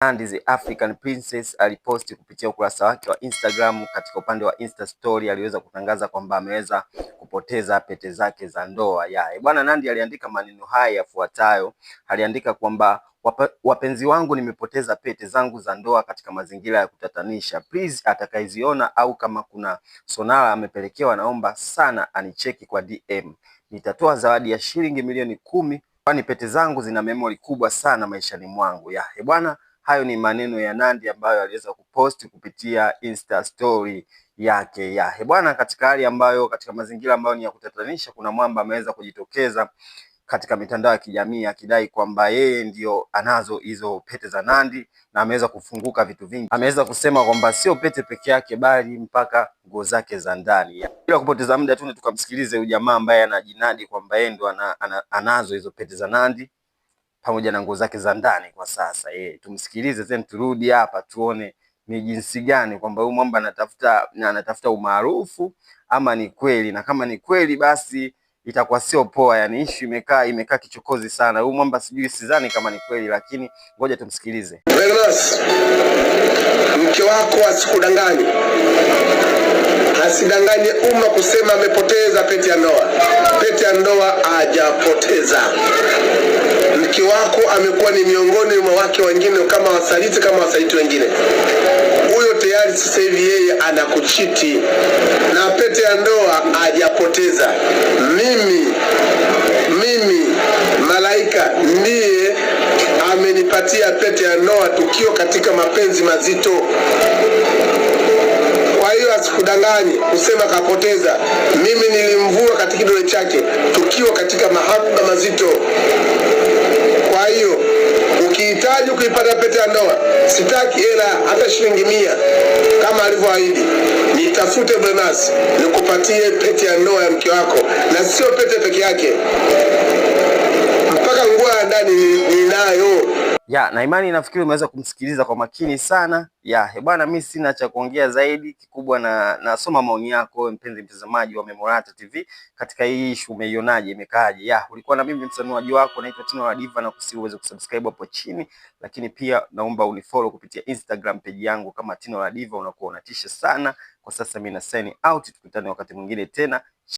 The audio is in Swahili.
The African Princess aliposti kupitia ukurasa wake wa Instagram. Katika upande wa Insta story aliweza kutangaza kwamba ameweza kupoteza pete zake za ndoa. Ya bwana Nandi aliandika maneno haya yafuatayo, aliandika kwamba wapenzi wangu, nimepoteza pete zangu za ndoa katika mazingira ya kutatanisha. Please, atakayeziona au kama kuna sonara amepelekewa, naomba sana anicheki kwa DM. Nitatoa zawadi ya shilingi milioni kumi, kwani pete zangu zina memori kubwa sana maishani mwangu. Ya bwana Hayo ni maneno ya Nandy ambayo aliweza kuposti kupitia Insta story yake ya hebwana, eh, katika hali ambayo, katika mazingira ambayo ni ya kutatanisha, kuna mwamba ameweza kujitokeza katika mitandao ya kijamii akidai kwamba yeye ndio anazo hizo pete za Nandy na ameweza kufunguka vitu vingi. Ameweza kusema kwamba sio pete peke yake, bali mpaka nguo zake za ndani. Bila kupoteza muda, tuende tukamsikilize huyu jamaa ambaye anajinadi kwamba yeye ndio ana, ana, anazo hizo pete za Nandy pamoja na nguo zake za ndani kwa sasa e, tumsikilize then turudi hapa tuone ni jinsi gani kwamba huyu mwamba anatafuta anatafuta umaarufu ama ni kweli, na kama ni kweli basi itakuwa sio poa. Yani ishu imekaa imekaa kichokozi sana. Huyu mwamba sijui, sidhani kama ni kweli, lakini ngoja tumsikilize. mke wako asikudanganye, asidanganye umma kusema amepoteza pete ya ndoa. Pete ya ndoa ajapoteza amekuwa ni miongoni mwa wake wengine kama wasaliti, kama wasaliti wengine. Huyo tayari sasa hivi yeye anakuchiti na pete ya ndoa hajapoteza. Mimi mimi malaika ndiye amenipatia pete ya ndoa, tukio katika mapenzi mazito. Kwa hiyo asikudanganye kusema kapoteza. Mimi nilimvua katika kidole chake, tukio katika mahaba mazito. Kwa hiyo ukihitaji kuipata pete ya ndoa, sitaki hela hata shilingi mia kama alivyoahidi. Nitafute Bonas nikupatie pete ya ndoa ya mke wako, na sio pete peke yake, mpaka nguo ya ndani ninayo. Ya, na imani nafikiri umeweza kumsikiliza kwa makini sana. Ya, bwana mimi sina cha kuongea zaidi kikubwa na nasoma maoni yako mpenzi mtazamaji wa Memorata TV katika hii issue umeionaje imekaaje? Ya, ulikuwa na mimi msanuaji wako naitwa Tino la Diva na kusi uweze kusubscribe hapo chini, lakini pia naomba unifollow kupitia Instagram page yangu kama Tino la Diva, unakuwa unatisha sana. Kwa sasa mimi na sign out, tukutane wakati mwingine tena.